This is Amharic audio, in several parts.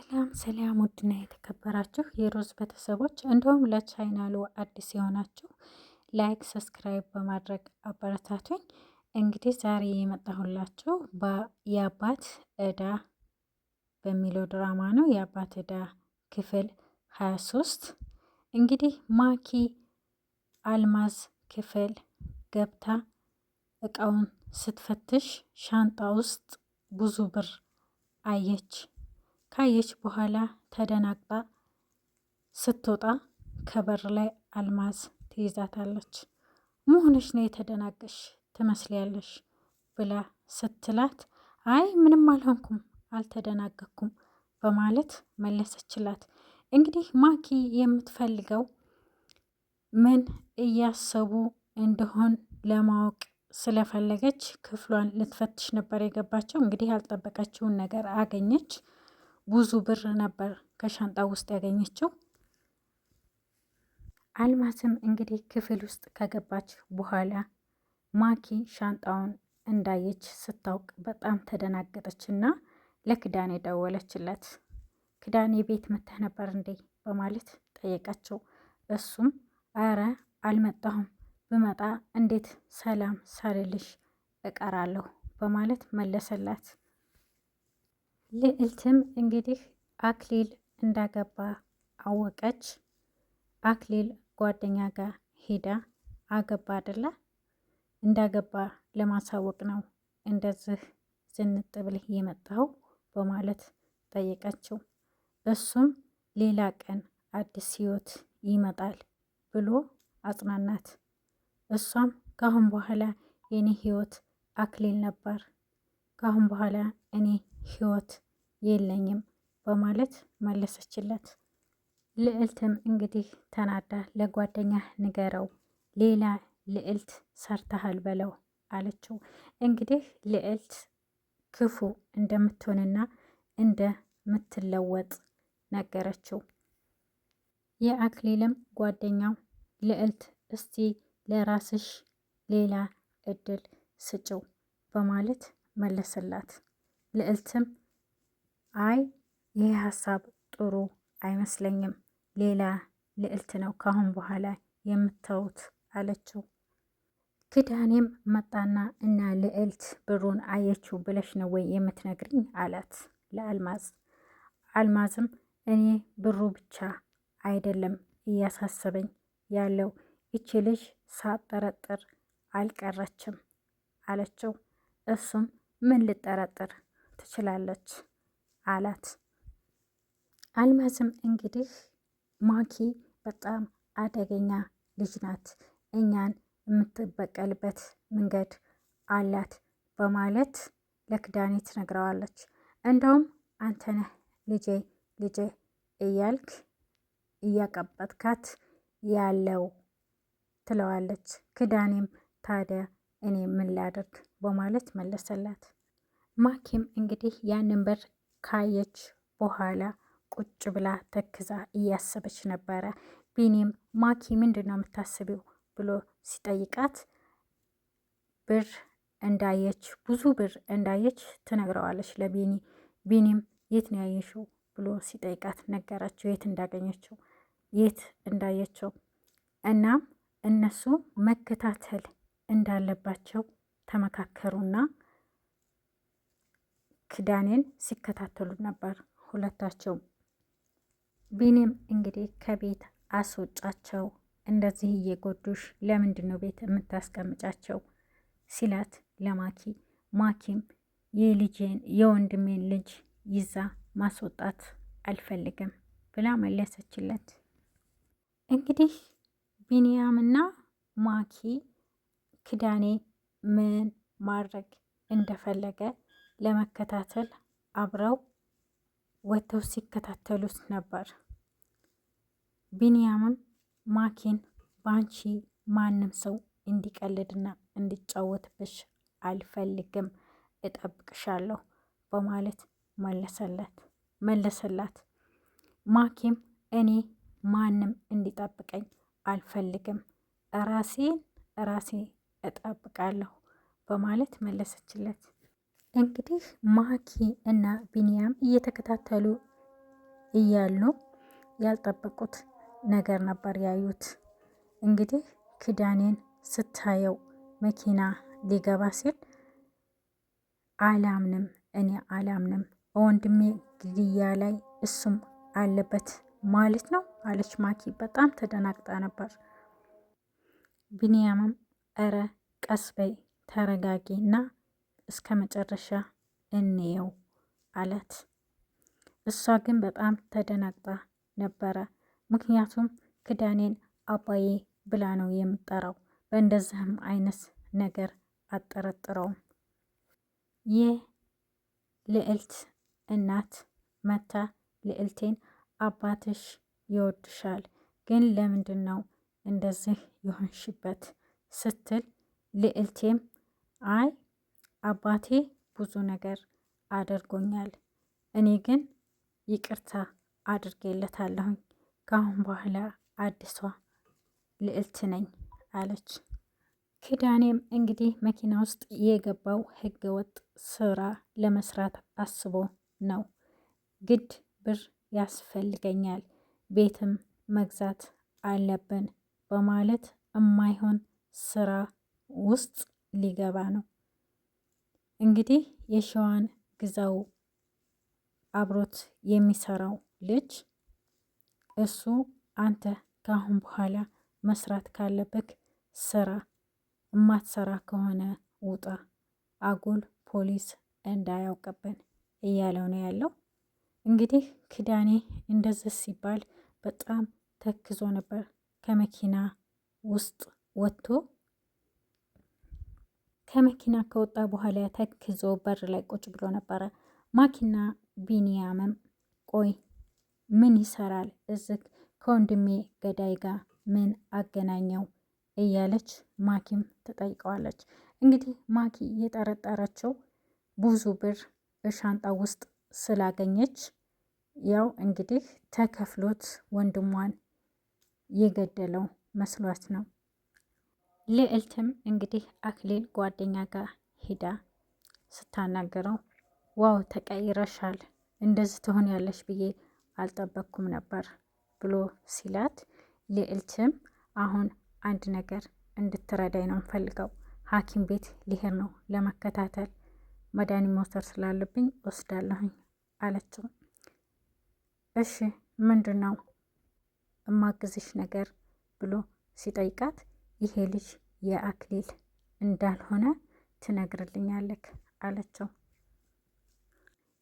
ሰላም ሰላም፣ ውድና የተከበራችሁ የሮዝ ቤተሰቦች እንዲሁም ለቻይናሉ አዲስ የሆናችሁ ላይክ፣ ሰብስክራይብ በማድረግ አበረታቱኝ። እንግዲህ ዛሬ የመጣሁላችሁ የአባት እዳ በሚለው ድራማ ነው። የአባት እዳ ክፍል 23 እንግዲህ ማኪ አልማዝ ክፍል ገብታ እቃውን ስትፈትሽ ሻንጣ ውስጥ ብዙ ብር አየች። ካየች በኋላ ተደናግጣ ስትወጣ ከበር ላይ አልማዝ ትይዛታለች። መሆንሽ ነው የተደናገሽ ትመስልያለሽ ብላ ስትላት አይ ምንም አልሆንኩም አልተደናገኩም በማለት መለሰችላት። እንግዲህ ማኪ የምትፈልገው ምን እያሰቡ እንደሆን ለማወቅ ስለፈለገች ክፍሏን ልትፈትሽ ነበር የገባቸው። እንግዲህ ያልጠበቀችውን ነገር አገኘች። ብዙ ብር ነበር ከሻንጣ ውስጥ ያገኘችው። አልማዝም እንግዲህ ክፍል ውስጥ ከገባች በኋላ ማኪ ሻንጣውን እንዳየች ስታውቅ በጣም ተደናገጠች እና ለክዳኔ ደወለችለት። ክዳኔ ቤት መተህ ነበር እንዴ በማለት ጠየቃቸው። እሱም አረ አልመጣሁም፣ ብመጣ እንዴት ሰላም ሳልልሽ እቀራለሁ በማለት መለሰላት። ልዕልትም እንግዲህ አክሊል እንዳገባ አወቀች። አክሊል ጓደኛ ጋር ሄዳ አገባ አይደለ እንዳገባ ለማሳወቅ ነው እንደዚህ ዝንጥ ብልህ የመጣኸው በማለት ጠየቀችው። እሱም ሌላ ቀን አዲስ ህይወት ይመጣል ብሎ አጽናናት። እሷም ከአሁን በኋላ የኔ ህይወት አክሊል ነበር ካሁን በኋላ እኔ ህይወት የለኝም በማለት መለሰችለት። ልዕልትም እንግዲህ ተናዳ ለጓደኛ ንገረው፣ ሌላ ልዕልት ሰርተሃል በለው አለችው። እንግዲህ ልዕልት ክፉ እንደምትሆንና እንደምትለወጥ ነገረችው። የአክሊልም ጓደኛው ልዕልት እስቲ ለራስሽ ሌላ እድል ስጭው በማለት መለሰላት። ልዕልትም አይ ይሄ ሀሳብ ጥሩ አይመስለኝም፣ ሌላ ልዕልት ነው ካሁን በኋላ የምታዩት አለችው። ክዳኔም መጣና እና ልዕልት ብሩን አየችው ብለሽ ነው ወይ የምትነግርኝ አላት ለአልማዝ። አልማዝም እኔ ብሩ ብቻ አይደለም እያሳሰበኝ ያለው ይቺ ልጅ ሳጠረጥር አልቀረችም አለችው። እሱም ምን ልጠረጥር ትችላለች አላት። አልማዝም እንግዲህ ማኪ በጣም አደገኛ ልጅ ናት፣ እኛን የምትበቀልበት መንገድ አላት በማለት ለክዳኔ ትነግረዋለች። እንደውም አንተነህ ልጄ ልጄ እያልክ እያቀበጥካት ያለው ትለዋለች። ክዳኔም ታዲያ እኔ ምን ላደርግ በማለት መለሰላት። ማኪም እንግዲህ ያንን በር ካየች በኋላ ቁጭ ብላ ተክዛ እያሰበች ነበረ። ቢኒም ማኪ ምንድን ነው የምታስቢው ብሎ ሲጠይቃት ብር እንዳየች ብዙ ብር እንዳየች ትነግረዋለች ለቢኒ። ቢኒም የት ነው ያየሽው ብሎ ሲጠይቃት ነገራቸው የት እንዳገኘችው የት እንዳየችው። እናም እነሱ መከታተል እንዳለባቸው ተመካከሩና ክዳኔን ሲከታተሉ ነበር ሁለታቸው። ቢኒም እንግዲህ ከቤት አስወጫቸው፣ እንደዚህ እየጎዱሽ ለምንድን ነው ቤት የምታስቀምጫቸው ሲላት ለማኪ ማኪም የልጄን የወንድሜን ልጅ ይዛ ማስወጣት አልፈልግም ብላ መለሰችለት። እንግዲህ ቢንያምና ማኪ ክዳኔ ምን ማድረግ እንደፈለገ ለመከታተል አብረው ወጥተው ሲከታተሉት ነበር። ቢንያምም ማኪን ባንቺ ማንም ሰው እንዲቀልድና እንዲጫወትብሽ አልፈልግም፣ እጠብቅሻለሁ በማለት መለሰላት። ማኪም እኔ ማንም እንዲጠብቀኝ አልፈልግም፣ ራሴን ራሴ እጠብቃለሁ በማለት መለሰችለት። እንግዲህ ማኪ እና ቢንያም እየተከታተሉ እያሉ ያልጠበቁት ነገር ነበር ያዩት። እንግዲህ ክዳኔን ስታየው መኪና ሊገባ ሲል አላምንም፣ እኔ አላምንም፣ ወንድሜ ግድያ ላይ እሱም አለበት ማለት ነው አለች ማኪ። በጣም ተደናግጣ ነበር። ቢንያምም እረ ቀስበይ ተረጋጊ እና እስከ መጨረሻ እንየው አለት። እሷ ግን በጣም ተደናግጣ ነበረ። ምክንያቱም ክዳኔን አባዬ ብላ ነው የምጠራው። በእንደዚህም አይነት ነገር አጠረጥረውም። ይህ ልዕልት እናት መታ ልዕልቴን አባትሽ ይወድሻል፣ ግን ለምንድን ነው እንደዚህ የሆንሽበት? ስትል ልዕልቴም አይ አባቴ ብዙ ነገር አድርጎኛል። እኔ ግን ይቅርታ አድርጌለታለሁኝ። ከአሁን በኋላ አዲሷ ልዕልት ነኝ አለች። ክዳኔም እንግዲህ መኪና ውስጥ የገባው ህገወጥ ስራ ለመስራት አስቦ ነው። ግድ ብር ያስፈልገኛል፣ ቤትም መግዛት አለብን በማለት እማይሆን ስራ ውስጥ ሊገባ ነው። እንግዲህ የሸዋን ግዛው አብሮት የሚሰራው ልጅ እሱ አንተ ከአሁን በኋላ መስራት ካለበት ስራ፣ እማትሰራ ከሆነ ውጣ፣ አጉል ፖሊስ እንዳያውቅብን እያለው ነው ያለው። እንግዲህ ክዳኔ እንደዚህ ሲባል በጣም ተክዞ ነበር። ከመኪና ውስጥ ወጥቶ ከመኪና ከወጣ በኋላ ተክዞ በር ላይ ቁጭ ብሎ ነበረ። ማኪና ቢንያምም ቆይ ምን ይሰራል እዚህ ከወንድሜ ገዳይ ጋር ምን አገናኘው? እያለች ማኪም ትጠይቀዋለች። እንግዲህ ማኪ የጠረጠረችው ብዙ ብር ሻንጣ ውስጥ ስላገኘች ያው እንግዲህ ተከፍሎት ወንድሟን የገደለው መስሏት ነው። ልዕልትም እንግዲህ አክሊል ጓደኛ ጋር ሄዳ ስታናገረው ዋው ተቀይረሻል፣ እንደዚህ ትሆን ያለሽ ብዬ አልጠበቅኩም ነበር ብሎ ሲላት፣ ልዕልትም አሁን አንድ ነገር እንድትረዳኝ ነው የምፈልገው። ሐኪም ቤት ሊሄድ ነው ለመከታተል መዳኒ ሞተር ስላለብኝ ወስዳለሁኝ አለችው። እሺ ምንድን ነው እማግዝሽ ነገር ብሎ ሲጠይቃት ይሄ ልጅ የአክሊል እንዳልሆነ ትነግርልኛለክ አለችው።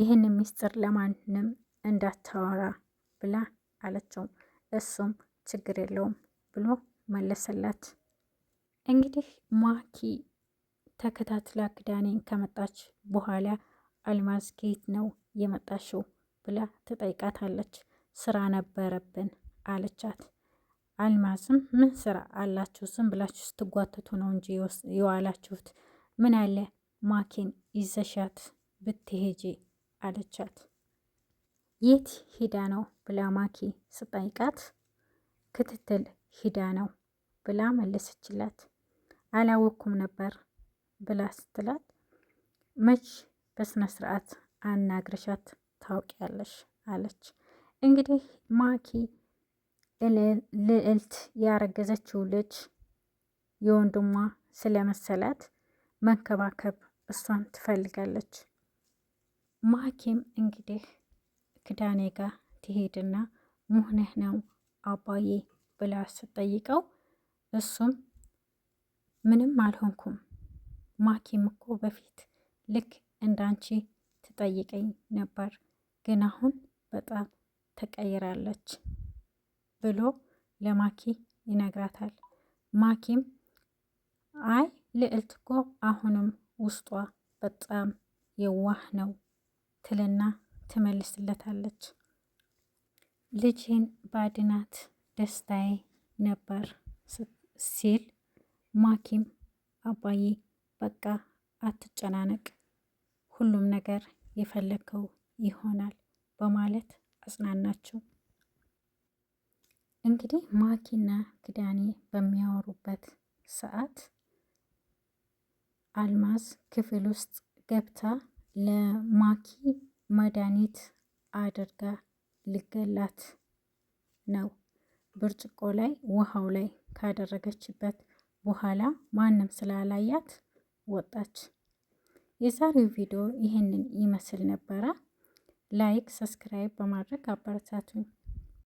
ይህን ምስጢር ለማንም እንዳታወራ ብላ አለችው። እሱም ችግር የለውም ብሎ መለሰላት። እንግዲህ ማኪ ተከታትላ ክዳኔን ከመጣች በኋላ አልማዝ ከየት ነው የመጣሽው ብላ ትጠይቃታለች። ስራ ነበረብን አለቻት። አልማዝም ምን ስራ አላችሁ? ዝም ብላችሁ ስትጓተቱ ነው እንጂ የዋላችሁት። ምን አለ ማኪን ይዘሻት ብትሄጂ አለቻት። የት ሂዳ ነው ብላ ማኪ ስጠይቃት ክትትል ሂዳ ነው ብላ መለሰችላት። አላወኩም ነበር ብላ ስትላት መች በስነ ስርዓት አናግረሻት ታውቂያለሽ አለች። እንግዲህ ማኪ ልዕልት ያረገዘችው ልጅ የወንድሟ ስለመሰላት መንከባከብ እሷን ትፈልጋለች። ማኪም እንግዲህ ክዳኔ ጋር ትሄድና ሙህነህ ነው አባዬ ብላ ስጠይቀው እሱም ምንም አልሆንኩም ማኪም እኮ በፊት ልክ እንዳንቺ ትጠይቀኝ ነበር፣ ግን አሁን በጣም ተቀይራለች። ብሎ ለማኪ ይነግራታል። ማኪም አይ ልዕልት እኮ አሁንም ውስጧ በጣም የዋህ ነው ትልና ትመልስለታለች። ልጅን ባድናት ደስታዬ ነበር ሲል ማኪም አባዬ በቃ አትጨናነቅ፣ ሁሉም ነገር የፈለግከው ይሆናል በማለት አጽናናቸው። እንግዲህ ማኪና ክዳኔ በሚያወሩበት ሰዓት አልማዝ ክፍል ውስጥ ገብታ ለማኪ መድኃኒት አድርጋ ልገላት ነው። ብርጭቆ ላይ ውሃው ላይ ካደረገችበት በኋላ ማንም ስላላያት ወጣች። የዛሬው ቪዲዮ ይህንን ይመስል ነበረ። ላይክ፣ ሰብስክራይብ በማድረግ አበረታቱኝ።